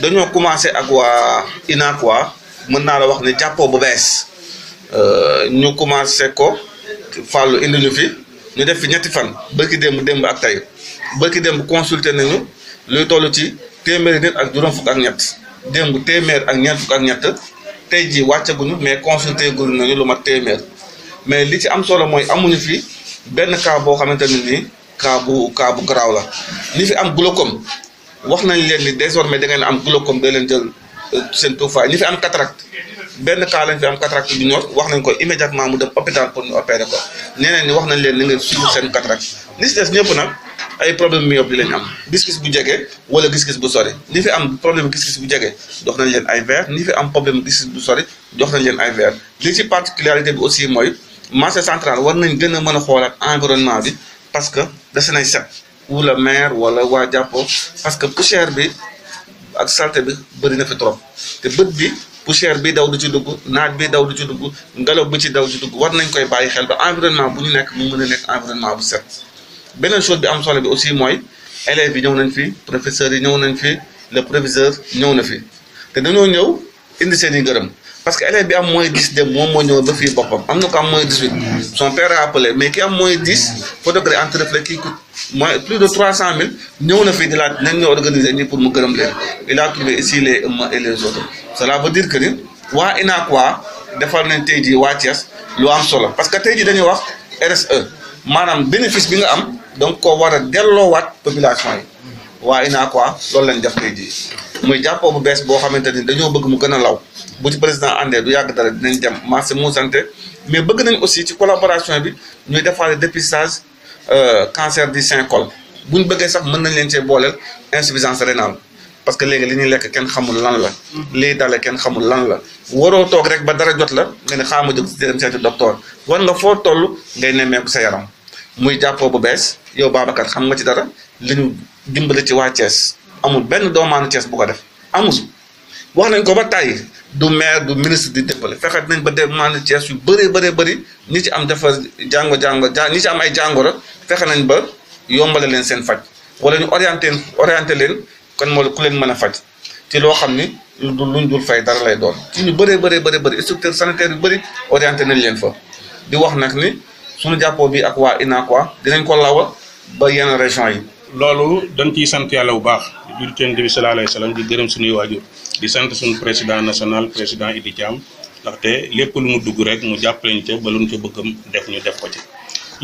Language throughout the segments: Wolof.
dañoo commencé ak waa UNACOIS mën naa la wax ne jàppoo bu bees euh, ñu commencé ko fàllu indi ñu fi ñu def fi ñetti fan bëkki démb démb ak tey bëkki démb consulté nañu luy toll ci téeméeri nit ak juróom fukk ak ñett démb téeméer ak ñeent fukk ak ñett tey jii wàccaguñu mais consulté guñu nañu lu mat téeméer mais li ci am solo mooy amuñu fi benn cas boo xamante ne nii cas bu cas bu garaaw la ñi fi am glaucome wax nañ leen ni désormais da ngeen am glaucome da leen jël euh, seen tuufaay ñi fi am cataracte benn cas lañ fi am cataracte du nord wax nañ ko immédiatement mu dem hôpital pour ñu opérer ko ñeneen ñi wax nañ leen ni ngeen suivre seen cataracte ni si des ñëpp nag ay problème myope di lañ am gis-gis bu jege wala gis-gis bu sori ñi fi am problème gis-gis bu jege jox nañ leen ay verre ñi fi am problème gis-gis bu sori jox nañ leen ay verre li ci particularité bi aussi mooy marché central war nañ gën a mën a xoolaat environnement bi parce que dese nañ set wula le maire wala waa jàppo parce que poussière bi ak salte bi bëri na fi trop te bët bi poussière bi daw du ci dugg naaj bi daw du ci dugg ngelaw bi ci daw ci dugg war nañ koy bàyyi xel ba environnement bu ñu nekk mu mën a nekk environnement bu set beneen chose bi am solo bi aussi mooy élèves yi ñëw nañ fi professeur yi ñëw nañ fi le proviseur ñëw na fi te dañoo ñëw indi seen i ngërëm parce que élève bi am mooy dix dem moom moo ñëw ba fii boppam am na ko am moins dix huit son père a appelé mais ki am moins dix foo degré entre reflet kii coûte moins plus de trois cent mille ñëw na fii di laaj nañ ñu organiser ñi pour mu gërëm leen il a trouvé ici les Emma et les autres cela veut dire que ni waa UNACOIS defal nañ waa Thiès lu am solo parce que tey jii dañuy wax RSE maanaam bénéfice bi nga am donc koo war a delloowaat population yi waa UNACOIS loolu lañ def tey jii. muy jàppoo bu bees boo xamante ni dañoo bëgg mu gën a law bu ci président àndee du yàgg dara dinañ dem marché mu santé mais bëgg nañ aussi ci collaboration bi ñuy defaale dépistage euh, cancer du sein col bu ñu bëggee sax mën nañ leen see booleel insuffisance rénale parce que léegi li ñuy lekk kenn xamul lan la. lii dale kenn xamul lan la. waroo toog rek ba dara jot la nga ne xaama ma jóg si dem seeti docteur war nga foo toll ngay nemmeeku sa yaram muy jàppoo bu bees yow Babacar xam nga ci dara li dimbali ci waa Thiès amul benn doomaanu Thiès bu ko def amul wax nañ ko ba tàyyi du maire du ministre di dëppale fexe nañ ba doomaanu Thiès yu bëree bëree bëri ñi ci am dafa jàngo jàngo ñi ci am ay jàngoro fexe nañ ba yombale leen seen faj wala ñu orienté orienté leen kon moo ku leen mën a faj ci loo xam ni lu dul luñ dul fay dara lay doon ci ñu bëree bëree bëri bëri structure sanitaire yu bëri orienté nañ leen fa di wax nag ni suñu jàppoo bi ak waa INACOI dinañ ko lawa ba yenn région yi loolu dañ ciy sant yàlla bu baax di jullit yonent bi sallallahu alayhi wa di gërëm suñuy waajur di sant suñu président national président Idi Thiam ndaxte lépp lu mu dugg rek mu jàppale ñu ca ba lu ñu ca bëggam def ñu def ko ci.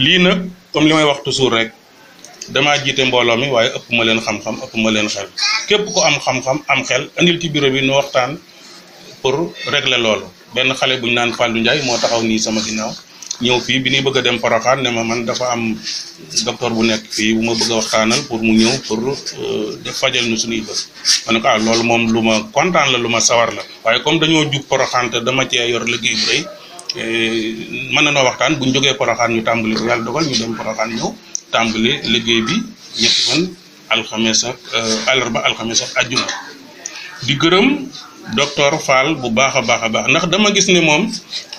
lii nag comme li may wax toujours rek damaa jiite mbooloo mi waaye ëpp ma leen xam-xam ëpp ma leen xel képp ku am xam-xam am xel andil ci bureau bi nu waxtaan pour régler loolu benn xale bu ñu naan Fallou Ndiaye moo taxaw nii sama ginnaaw. ñew fi bi ni bëgg dem paraxaan ne ma man dafa am docteur bu nekk fi bu ma bëgg waxtaanal pour mu ñew pour euh, def fajal ñu suñuy bëss man ko ah loolu moom lu ma kontaan la lu ma sawar la waaye comme dañoo jug paraxaan te dama cee yor liggéey bu rëy eh, man na noo waxtaan buñ jógee ñu tàmbali ko yàlla dogal ñu dem ñëw tàmbali liggéey bi ñetti fan alxames ak alarba euh, alxames ak àjjuma di gërëm docteur Fall bu baakha baakha baax ndax dama gis ni mom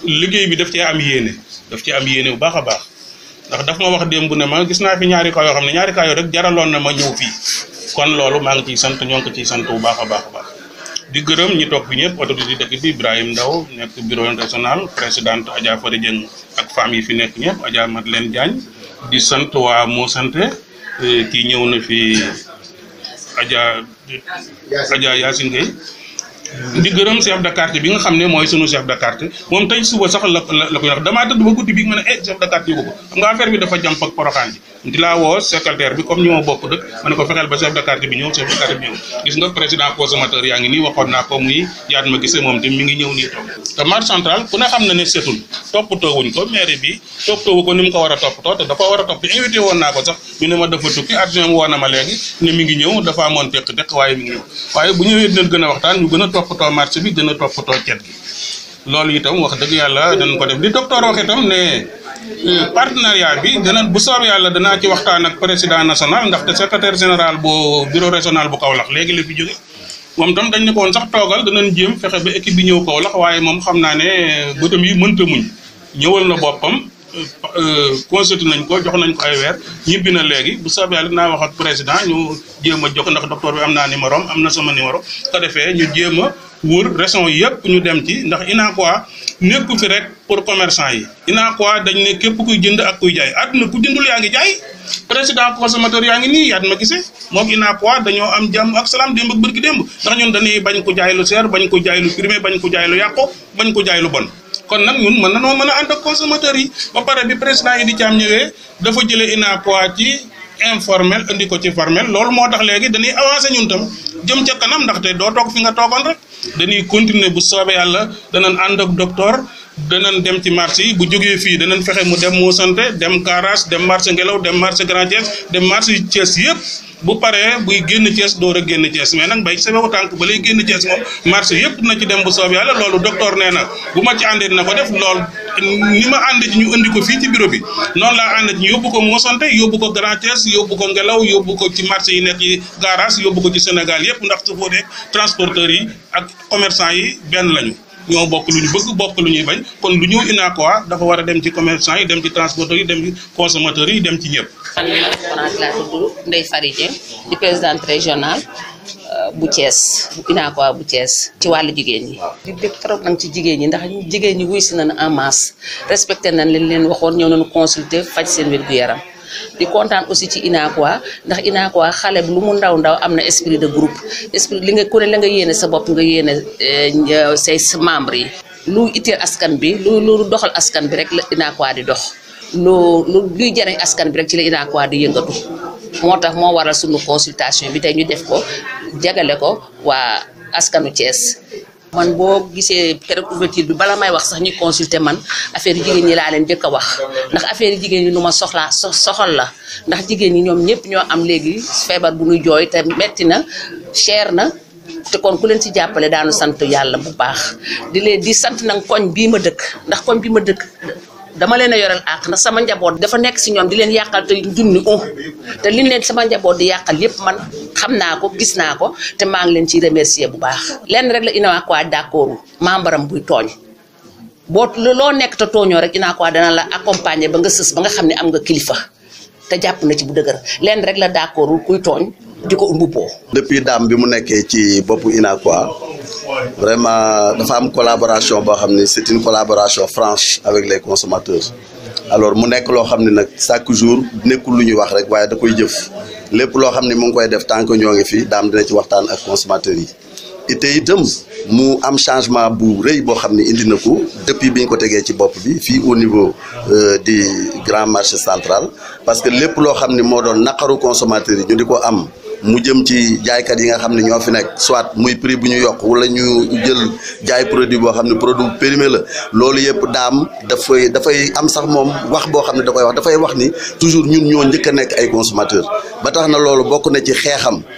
liggéey bi daf ci am yene daf ci am yene bu baakha baax ndax daf ma wax démb ne ma gis na fi ñaari cas yoo ñaari cas rek jaralon na ma ñew fi kon lolu ma ngi ci sante ñoo ci sante bu baakha baakha baax di gërëm ñi tok fi ñepp autorité dëkk bi Ibrahim Ndaw nek bureau régional président Adja Fari jeng ak fami fi nek ñepp Adja Madeleine Diagne di sante wa mo sante eh, ki ñew na fi Adja Adja yasin di gërëm chef de quartier bi nga xam ne mooy sunu chef de quartier moom tey suba sax la la koy wax damaa tëdd ba guddi bi ma ne eh chef de quartier boobu xam nga affaire bi dafa jam ak poroxaan ji di laa woo secrétaire bi comme ñoo bokk dëkk ma ne ko fexeel ba chef de quartier bi ñëw chef de quartier bi ñëw gis nga président consommateur yaa ngi nii waxoon naa ko muy yaat ma gisee moom tim mi ngi ñëw nii toog te marché central ku ne xam na ne setul toppatoo wuñ ko maire bi toppatoo ko ni mu ko war a toppatoo te dafa war a topp invité woon naa ko sax ñu ne ma dafa tukki adjoint woo na ma léegi ne mi ngi ñëw dafa amoon teq teq waaye mi ngi ñëw waaye bu ñëwee dinañ gën a waxtaan ñu gën a toppatoo marché bi gën a toppatoo cet gi loolu itam wax dëgg yàlla dañ ko def li docteur wax itam ne euh, partenariat bi dana bu soob yàlla danaa ci waxtaan ak président national ndaxte secretaire général bu bureau régional bu Kaolack léegi la bi jóge moom tam dañ ne ko sax toogal danañ jéem fexe ba équipe bi ñëw Kaolack waaye moom xam naa ne euh, bëtam mën mënta muñ ñëwal na boppam Euh, euh, consulté nañ ko jox nañ ko ay weer ñibbi na léegi bu soobee yàlla naa wax ak président ñu jéem a jox ndax docteur bi am numéro am sama numéro ko defee ñu jéem a wër région yépp ñu dem ci ndax inaakuwa nekku fi rek pour commerçant yi inaakuwa dañ ne képp kuy jënd ak kuy jaay àdduna ku jëndul yaa jaay président consommateur yaat ma dañoo am jam ak salam démb ak bërki démb ndax ñun dañuy bañ ko jaay lu seer bañ ko jaay lu primé bañ ko jaay lu yàqu bañ ko jaay lu bon kon nak ñun mën nañoo mën a ànd ak consommateur yi ba pare bi président yi di caam ñëwee dafa jëlee poids ci informel andi ko ci formel loolu moo tax léegi dañuy avancé ñun tam jëm ca kanam ndaxte doo toog fi nga toogoon rek dañuy continuer bu soobee yàlla danañ ànd ak docteur danañ dem ci marché yi bu jógee fii danañ fexe mu dem moo sante dem garage dem marché ngelaw dem marché grand dem marché Thiès yépp bu paree buy génn Thiès door a génn Thiès mais nag mbay ci sama tànk ba lay génn Thiès moom marché yëpp na ci dem bu soob yàlla loolu docteur nee na bu ma ci àndee na ko def lool ni ma ànd ñu indi ko fii ci biro bi noonu laa ànd ñu yóbbu ko Mosonte yóbbu ko Grand Thiès yóbbu ko Ngelaw yóbbu ko ci marché yi nekk ci garage yóbbu ko ci Sénégal yëpp ndax su ko transporteurs yi ak commerçant yi benn lañu. ñoo bokk lu ñu bëgg bokk lu ñuy bañ kon lu ñëw UNACOIS dafa war a dem ci commercant yi dem ci transporteurs yi dem ci consommateurs yi dem ci ñëpp. man France laa tudd Ndeye Fary Dieng euh, bu Thiès bu UNACOIS bu Thiès ci wàll jigéen ñi. di dégg trop nag ci jigéen ñi ndax jigéen ñi wuy si nañu en masse respecté nañ leen leen waxoon ñëw nañu consulter faj seen wér gu yaram. di kontaan aussi ci UNACOIS ndax UNACOIS xale bi lu mu ndaw ndaw am na esprit de groupe esprit li nga ku ne la nga yéene sa bopp nga yéene eh, say membre yi lu itteel askan bi lu doxal askan bi rek la UNACOIS di dox lu lu luy jariñ askan bi rek ci la UNACOIS di yëngatu moo tax moo waral sunu consultation bi tey ñu def ko jagale ko waa askanu cees man boo gisee keroog ouverture bi bala may wax sax ñu consulter man affaire jigéen ñi laa leen njëkk a wax ndax affaire jigéen ñi nu ma soxlaa soxal la ndax jigéen ñi ñoom ñëpp ñoo am léegi feebar bu ñuy jooy te metti na cher na te kon ku leen ci jàppale daanu sant yàlla bu baax di leen di sant nag koñ bii ma dëkk ndax koñ bii ma dëkk dama leen a yoreel àq na sama njaboot dafa nekk si ñoom di leen yàqal te ni un te liñ leen sama njaboot di yàqal yépp man xam naa ko gis naa ko te maa ngi leen ciy remercier bu baax lenn rek la inaa quoi d'accord membaram buy tooñ boo loo nekk te tooñoo rek inaa quoi dana la accompagner ba nga sës ba nga xam ne am nga kilifa te jàpp na ci bu dëgër lenn rek la d'accordul kuy tooñ di ko mbubboo depuis daam bi mu nekkee ci boppu inaa quoi vraiment dafa am collaboration boo xam ne c'est une collaboration franche avec les consommateurs alors mu nekk loo xam ne nag chaque jour nekkul lu ñuy wax rek waaye da koy jëf lépp loo xam ne mu ngi koy def tant ñoo ngi fi daam dina ci waxtaan ak consommateurs yi ite itam mu am changement bu rëy boo xam ne indi na ko depuis bi ko tegee ci bopp bi fii au niveau euh, di grand marché centrale parce que lépp loo xam ne moo doon naqaru consommateurs yi ñu di ko am mu jëm ci jaaykat yi nga xam ne ñoo fi nekk soit muy prix bu ñu yokk wala ñu jël jaay produit boo xam ne produit périmé la loolu yëpp daam dafay dafay am sax moom wax boo xam ne da wax dafay wax ni toujours ñun ñoo njëkk nekk ay consommateur ba tax na loolu bokk na ci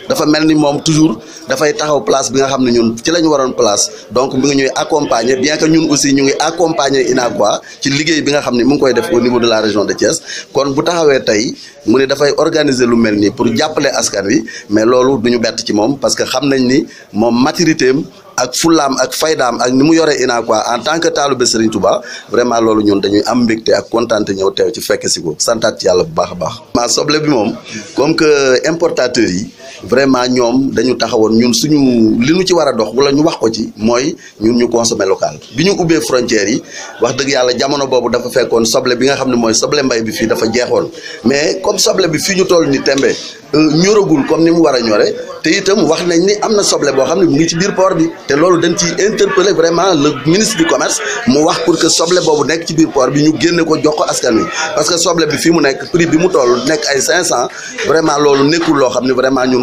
dafa mel ni moom toujours dafay taxaw place bi xam ne ñun ci la ñu waroon place donc mi ngi ñuy accompagner bien que ñun aussi ñu ngi accompagner UNACOIS ci liggéey bi nga xam ne mu ngi koy def au niveau de la région de Thiès kon bu taxawee tey mu ne dafay organiser lu mel nii pour jàppale askan wi mais loolu du ñu bett ci moom parce que xam nañ ni moom maturité am ak fullaam ak faydaam ak ni mu yoree Unacois en tant que taalibe Serigne Touba vraiment loolu ñun dañuy am mbégte ak kontaan ñëw teew ci fekk si ko santaat ci yàlla bu baax baax. ma soble bi moom comme que importateurs yi. vraiment ñoom dañu taxawoon ñun suñu li ñu ci war a dox wala ñu wax ko ci mooy ñun ñu consommer local bi ñu ubbee frontières yi wax dëgg yàlla jamono boobu dafa fekkoon soble bi nga xam ne mooy soble mbay bi fii dafa jeexoon mais comme soble bi fii ñu toll ni tembe euh, ñoragul comme ni mu te itam wax nañ ni am na soble boo xam ne mu ngi ci biir port bi te loolu dañ ci interpeller vraiment le ministre du commerce mu wax pour que soble boobu nekk ci biir port bi ñu génne ko jox ko askan parce que soble bi fii mu nekk prix bi mu toll ay 500 vraiment vraiment ñun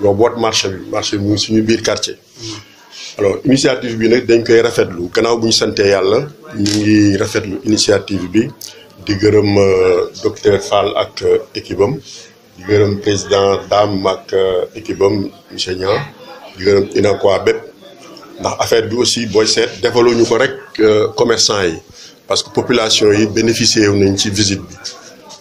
ñoo boot marché bi marché bi mu suñu biir quartier. alors initiative bi nag dañ koy rafetlu gannaaw bu ñu santee yàlla ñu ngi rafetlu initiative bi di gërëm euh, docteur Fall ak euh, équipe am di gërëm président Dame ak euh, équipe am monsieur Niang di gërëm UNACOIS bépp ndax affaire bi aussi booy seet defaluñu ko rek commerçant yi parce que population yi bénéficié wu nañ ci visite bi.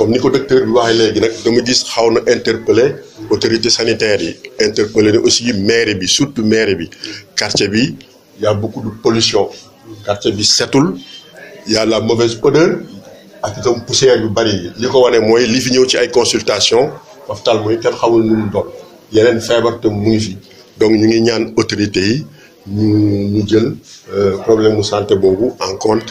comme ni ko docteur bi waxee legui nak dama gis xawna interpeller autorité sanitaire yi interpeller aussi maire bi surtout maire bi quartier bi y a beaucoup de pollution quartier bi setul y a la mauvaise odeur ak tam poussière yu bari yi li ko wane mooy li fi ñew ci ay consultation hôpital mooy kenn xamul ñu mu doon yeneen feebar tam mu ngi fi donc ñu ngi ñaan autorité yi ñu jël euh, problème de santé bobu en compte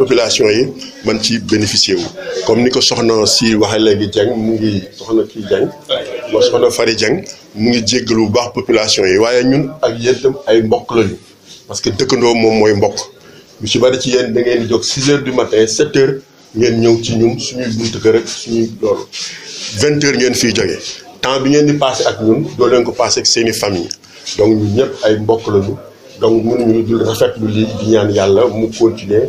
population yi man ci bénéficier wu comme ni ko soxna si waxee léegi Dieng mu ngi soxna kii Dieng ma soxna Fari Dieng mu ngi jéggalu bu baax population yi waaye ñun ak yéen ay mbokk lañu parce que dëkkandoo moom mooy mbokk lu ci bari ci yéen da ngeen di jóg 6 heures du matin 7 heures ngeen ñëw ci ñun suñuy buntu kër rek suñuy loolu 20 heures ngeen fiy jógee temps bi ngeen di passé ak ñun doo leen ko passé ak seen i famille donc ñun ñëpp ay mbokk lañu donc mënuñu dul rafetlu lii di ñaan yàlla mu continuer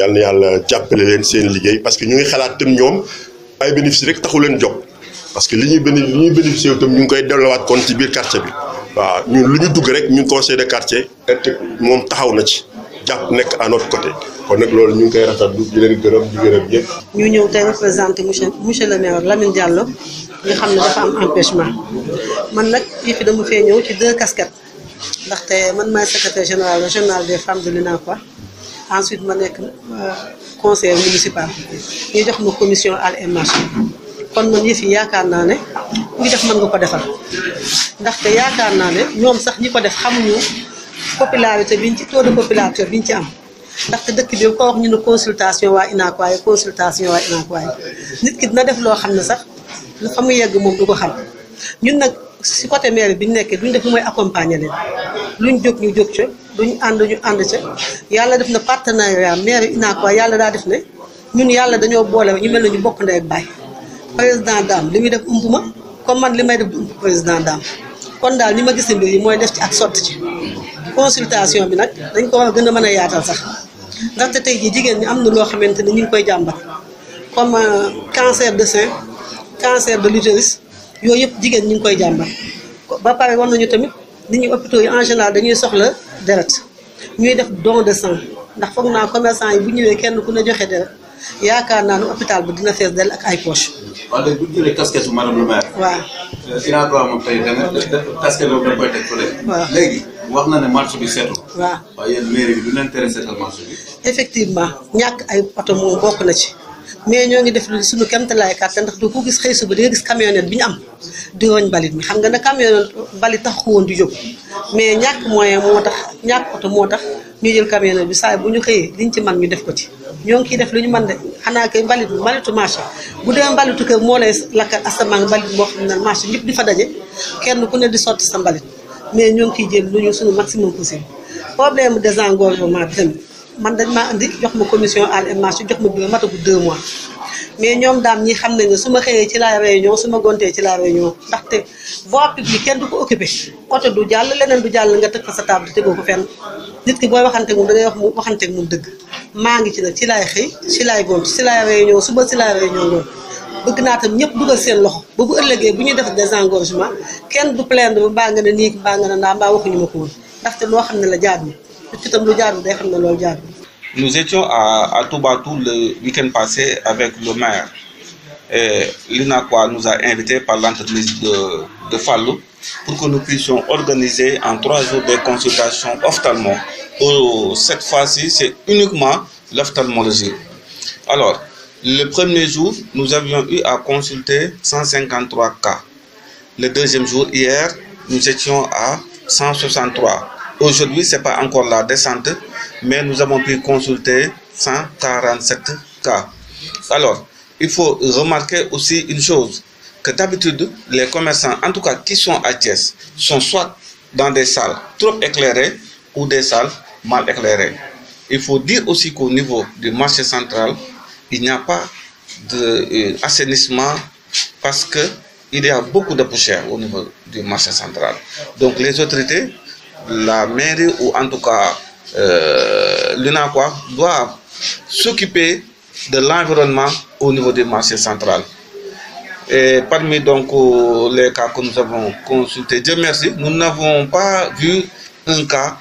yalla yalla yàlla len seen liguey parce que ñu ngi xalaat tam ñoom ay bénéfice rek taxu len jóg parce que li ñuy béni li ñuy bénéficié tam ñu ngi koy delluwaat kon ci biir quartier bi waaw ñun lu ñu dugg rek ñun conseil de quartier te mom taxaw na ci japp nek à notre côté kon nak loolu ñu ngi koy rafetlu di leen gërëm di gërëm yëpp. ñu ñëw tey représenter monsieur monsieur le maire Lamine Diallo nga xam ne dafa am empêchement man nag fii fi dama fee ñëw ci deux casquettes ndaxte man maay secrétaire général régional des femmes de l'UNACOIS ensuite ma nekk euh, conseil municipal ñu jox ma commission àll et kon ma yëf fi yaakaar naa ne ku def man nga ko defal ndaxte yaakaar naa ne ñoom sax ñi ko def xamuñu popularité biñ ci taux populateur popularité biñ ci am ndaxte dëkk bi ko wax ñu ne consultation waa inaakuwaay consultation waa inaakuwaay nit ki dina def loo xam ne sax lu fa mu yegg moom du ko xam ñun nag. si côté mairie bi ñu nekkee duñ def lu mooy accompagner leen luñ jog ñu jóg ca luñ ànd ñu ànd ca yàlla def na partenariat naa UNACOIS yàlla daa def ne ñun yàlla dañoo boole ñu mel na ñu bokk ndey ak baay président Dame li muy def ump ma comme man li may def ump président Dame kon daal li ma gis mbir yi mooy def ci ak sotti ci consultation bi nag dañ ko war a gën a mën a yaatal sax ndaxte tey jii jigéen ñi am na loo xamante ni ñu ngi koy jàmbat comme euh, cancer de sein cancer de l'utérus yooyu yëpp jigéen ñu ngi koy jàmbar ba pare war ñu tamit nit ñi hôpitaux yi en général dañuy soxla deret ñuy def don de sang ndax foog naa commerçant yi bu ñëwee kenn ku ne joxe deret yaakaar naa ne hôpital bi dina fees del ak ay poche waaw léegi bu ñu jëlee casquette madame le euh, léegi wax na ne marché bi seetul. waaw waaye yéen mairie bi effectivement ñàkk ay oto moom bokk na ci. mais ñoo ngi def suñu kéemtalaay kàttan ndax du ko gis xëy suba di nga gis camionnette bi ñu am di roñ balit mi xam nga ne camionnette balit tax ko woon di jóg mais ñàkk moyen moo tax ñàkk oto moo tax ñu jël camionnette bi saa bu ñu xëyee liñ ci man ñu def ko ci ñoo ngi ciy def lu ñu man de xanaa kay mbalit mbalitu marché bu dee mbalitu kër moo lay lakkal asamaan mbalit moo xam ne marché ñëpp di fa daje kenn ku ne di sotti sa mbalit mais ñoo ngi ciy jël lu ñu suñu maximum possible problème désengorgement bi tamit man dañ maa indi jox ma commission almasi jox ma bureau matagu deux mois mais ñoom daam ñi xam nañ ne su ma xëyee ci la réunion su ma gontee ci la réunion ndaxte voie publique kenn du ko occupé oto du jàll leneen du jàll nga tëg fa sa table tegoo ko fenn nit ki da ngay wax mu waxanteeg moom dëgg maa ngi ci nag ci laay xëy ci laay gont ci laay réunion suba ci laay réunion bëgg naa tam ñëpp dugal seen loxo ba bu ëllëgee bu ñuy def désengorgement kenn du plaindre ba mbaa nga ne nii mbaa nga ne naa mbaa waxuñu ma ko ndaxte loo xam ne la jaadu Nous étions à, à Tobatou le week-end passé avec le maire. L'INAQUA nous a invités par l'entreprise de, de pour que nous puissions organiser en trois jours des consultations ophtalmo. Oh, cette fois-ci, c'est uniquement l'ophtalmologie. Alors, le premier jour, nous avions eu à consulter 153 cas. Le deuxième jour, hier, nous étions à 163. Aujourd'hui, ce n'est pas encore la descente, mais nous avons pu consulter 147 cas. Alors, il faut remarquer aussi une chose, que d'habitude, les commerçants, en tout cas qui sont à Thiès, sont soit dans des salles trop éclairées ou des salles mal éclairées. Il faut dire aussi qu'au niveau du marché central, il n'y a pas d'assainissement euh, parce qu'il y a beaucoup de poussière au niveau du marché central. Donc les autorités la mairie ou en tout cas euh, l'UNAQUA doit s'occuper de l'environnement au niveau du marché central. Et parmi donc euh, les cas que nous avons consultés, Dieu merci, nous n'avons pas vu un cas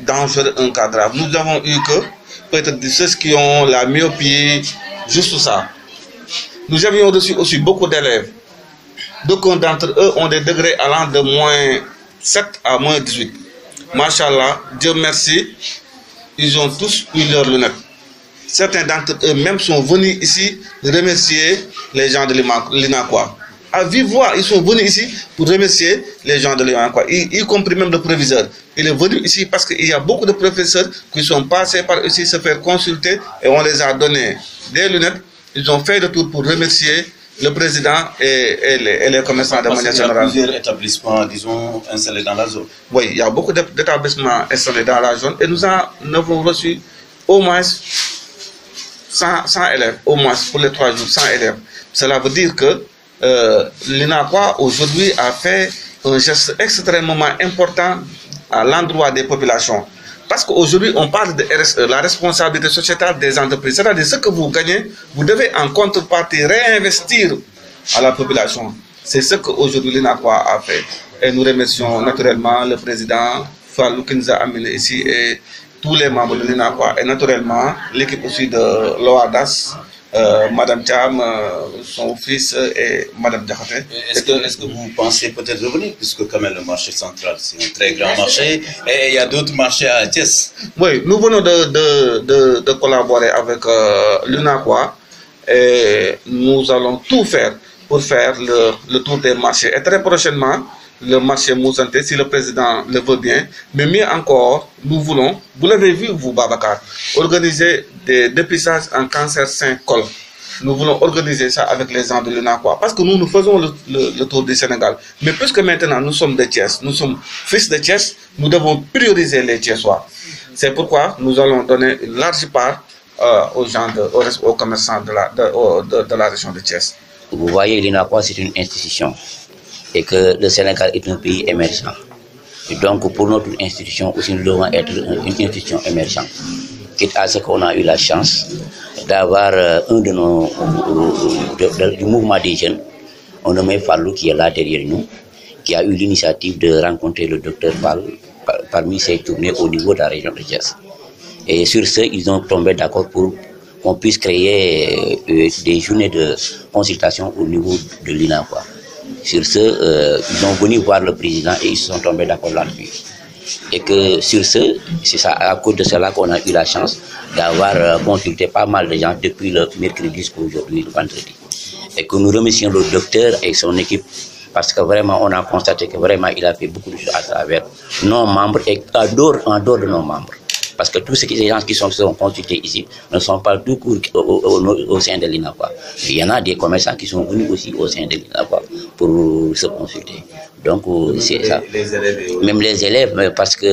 dangereux, un cas grave. Nous avons eu que peut-être ceux qui ont la myopie, juste ça. Nous avions reçu aussi beaucoup d'élèves. Beaucoup d'entre eux ont des degrés allant de moins 7 à moins 18. Machallah, Dieu merci, ils ont tous eu leurs lunettes. Certains d'entre eux même sont venus ici remercier les gens de l'Inakwa. À vive voix, ils sont venus ici pour remercier les gens de l'Inakwa, y, compris même le proviseur. Il est venu ici parce qu'il y a beaucoup de professeurs qui sont passés par ici se faire consulter et on les a donné des lunettes. Ils ont fait le tour pour remercier le président et, elle, les, commerçants de manière générale. Il y a plusieurs établissements, disons, installés dans la zone. Oui, il y a beaucoup d'établissements installés dans la zone et nous, avons reçu au moins 100, élèves, au moins pour les trois jours, 100 élèves. Cela veut dire que euh, aujourd'hui a fait un geste extrêmement important à l'endroit des populations. Parce qu'aujourd'hui, on parle de euh, la responsabilité sociétale des entreprises. C'est-à-dire ce que vous gagnez, vous devez en contrepartie réinvestir à la population. C'est ce qu'aujourd'hui l'inaqua a fait. Et nous remercions naturellement le président Fallou qui nous a amenés ici et tous les membres de l'inaqua et naturellement l'équipe aussi de l'OADAS euh, Madame Tam, euh, son fils et Madame Diakhaté. Est-ce que, vous pensez peut-être revenir, puisque quand même le marché central, c'est un très grand marché, et il y a d'autres marchés à Thiès Oui, nous venons de, collaborer avec euh, l'UNAQUA, et nous allons tout faire pour faire le tour des marchés. Et très prochainement, le marché Moussanté, si le président le veut bien. Mais mieux encore, nous voulons, vous l'avez vu, vous, Babacar, organiser des dépistages en cancer sein-col. Nous voulons organiser ça avec les gens de l'UNACOA, Parce que nous, nous faisons le, tour du Sénégal. Mais puisque maintenant, nous sommes des Thiès, nous sommes fils de Thiès, nous devons prioriser les Thiessois. C'est pourquoi nous allons donner une large part euh, aux gens, de, aux, commerçants de la, de, de, la région de Thiès. Vous voyez, l'UNACOA, c'est une institution et que le Sénégal est un pays émergent. donc, pour notre institution aussi, nous devons être une institution émergente. Quitte à ce qu'on a eu la chance d'avoir euh, un de nos, euh, du mouvement des jeunes, on nommé Fallou, qui est là derrière nous, qui a eu l'initiative de rencontrer le docteur Fallou parmi ses tournées au niveau de la région de Et sur ce, ils ont tombé d'accord pour qu'on puisse créer euh, des journées de consultation au niveau de l'INA. Sur ce, euh, ils sont venus voir le président et ils sont tombés d'accord là-dessus. Et que sur ce, c'est à cause de cela qu'on a eu la chance d'avoir euh, consulté pas mal de gens depuis le mercredi jusqu'aujourd'hui, le vendredi. Et que nous remercions le docteur et son équipe parce que vraiment, on a constaté que vraiment, il a fait beaucoup de choses à travers nos membres et à en dehors de nos membres. Parce que tous ces gens qui sont, sont consultés ici ne sont pas tout court au, sein de l'INAPA. Il y en a des commerçants qui sont venus aussi au sein de l'INAPA pour se consulter. Donc, c'est ça. Même les élèves, parce que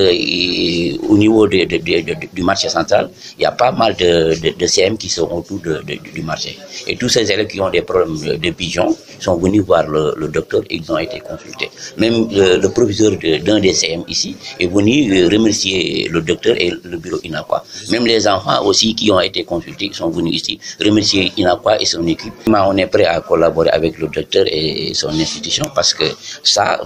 au niveau du marché central, il y a pas mal de, CM qui sont autour du marché. Et tous ces élèves qui ont des problèmes de, pigeons sont venus voir le, docteur et ils ont été consultés. Même le, professeur proviseur d'un des CM ici est venu euh, remercier le docteur et le bureau INAQUA. Même les enfants aussi qui ont été consultés sont venus ici remercier INAQUA et son équipe. On est prêt à collaborer avec le docteur et son institution parce que ça,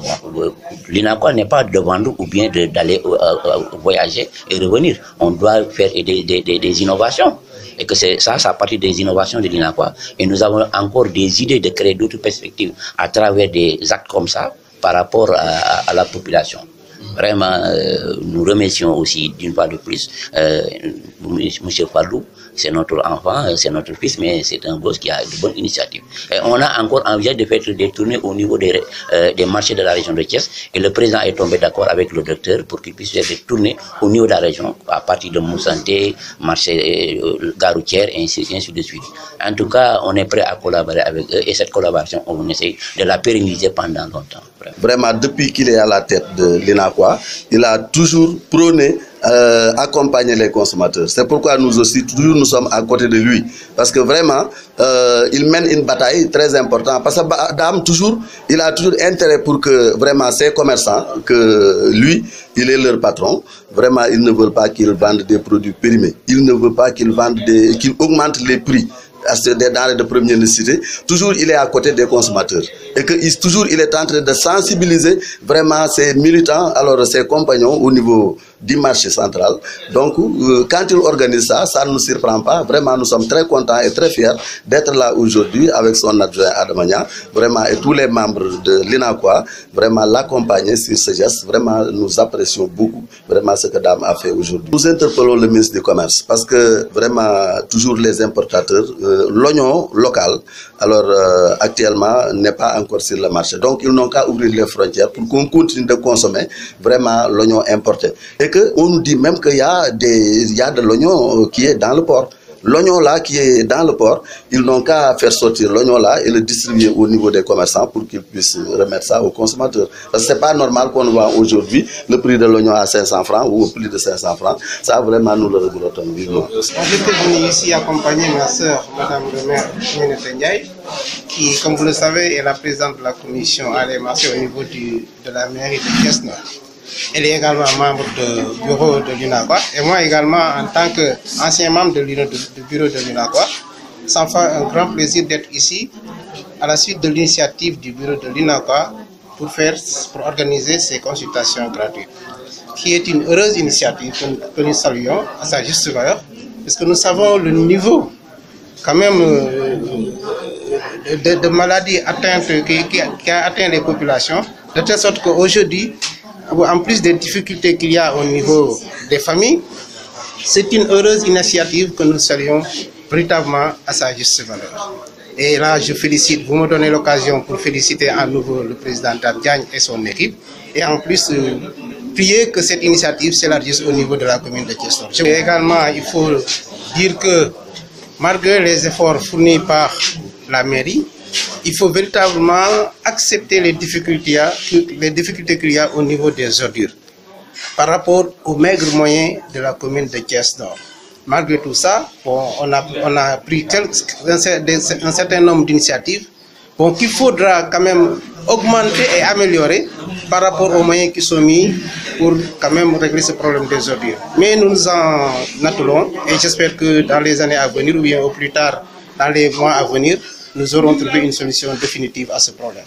l'INACOA n'est pas devant nous ou bien d'aller euh, euh, voyager et revenir. On doit faire des, innovations et que c'est ça, ça partie des innovations de l'INAQUA. Et nous avons encore des idées de créer d'autres perspectives à travers des actes comme ça par rapport à, la population. Vraiment, euh, nous remercions aussi d'une part de plus euh, M. Fadou c'est notre enfant, euh, c'est notre fils, mais c'est un boss qui a de bonnes initiatives. Et on a encore envie de faire des tournées au niveau des, euh, des marchés de la région de Thiès et le président est tombé d'accord avec le docteur pour qu'il puisse faire des tournées au niveau de la région à partir de Monsanté, marché euh, euh Garoutière et ainsi, de suite. En tout cas, on est prêt à collaborer avec eux et cette collaboration, on essaie de la pérenniser pendant longtemps. Vraiment, depuis qu'il est à la tête de l'INAQUA, il a toujours prôné euh, accompagner les consommateurs. C'est pourquoi nous aussi, toujours nous sommes à côté de lui. Parce que vraiment, euh, il mène une bataille très importante. Parce que Adam, toujours, il a toujours intérêt pour que vraiment ces commerçants, que lui, il est leur patron, vraiment, ils ne veut pas qu'ils vendent des produits périmés. Il ne veut pas qu'ils vendent des, qu'ils augmentent les prix des denrées de première nécessité, toujours il est à côté des consommateurs. Et que il, toujours il est en train de sensibiliser vraiment ses militants, alors ses compagnons au niveau du marché central. Donc, euh, quand il organise ça, ça ne nous surprend pas. Vraiment, nous sommes très contents et très fiers d'être là aujourd'hui avec son adjoint Adamania, vraiment, et tous les membres de l'INAQUA, vraiment l'accompagner sur ce geste. Vraiment, nous apprécions beaucoup vraiment ce que Dame a fait aujourd'hui. Nous interpellons le ministre du Commerce parce que vraiment, toujours les importateurs, euh, l'oignon local, alors euh, actuellement, n'est pas encore sur le marché. Donc, ils n'ont qu'à ouvrir les frontières pour qu'on continue de consommer vraiment l'oignon importé et qu'on nous dit même qu'il y, a des, de l'oignon euh, qui est dans le port. L'oignon là qui est dans le port, ils n'ont qu'à faire sortir l'oignon là et le distribuer au niveau des commerçants pour qu'ils puissent remettre ça aux consommateurs. Parce que ce n'est pas normal qu'on voit aujourd'hui le prix de l'oignon à 500 francs ou au prix de 500 francs. Ça vraiment nous le regrettons vivement. J'étais venu ici accompagner ma soeur, Madame le maire qui, comme vous le savez, est la présidente de la commission à au niveau de la mairie de Kiesna. Elle est également membre du bureau de l'UNAQUA Et moi également, en tant qu'ancien membre de du bureau de l'UNAQUA ça me fait un grand plaisir d'être ici à la suite de l'initiative du bureau de l'UNAQUA pour, faire, pour organiser ces consultations gratuites, qui est une heureuse initiative que nous, saluons à sa juste valeur, parce que nous savons le niveau quand même euh, euh, de, maladies atteintes, qui, qui, qui a atteint les populations, de telle sorte qu'aujourd'hui, en plus des difficultés qu'il y a au niveau des familles, c'est une heureuse initiative que nous serions véritablement à sa juste valeur. Et là, je félicite, vous me donnez l'occasion pour féliciter à nouveau le président Dabdiagne et son équipe. Et en plus, euh, prier que cette initiative s'élargisse au niveau de la commune de Thiestor. Également, il faut dire que malgré les efforts fournis par la mairie, il faut véritablement accepter les difficultés, les difficultés qu'il y a au niveau des ordures par rapport aux maigres moyens de la commune de Thiès Nord. Malgré tout ça, on, a, pris un, certain nombre d'initiatives bon, qu'il faudra quand même augmenter et améliorer par rapport aux moyens qui sont mis pour quand même régler ce problème des ordures. Mais nous nous en attelons et j'espère que dans les années à venir ou bien au plus tard dans les mois à venir, nous aurons trouvé une solution définitive à ce problème.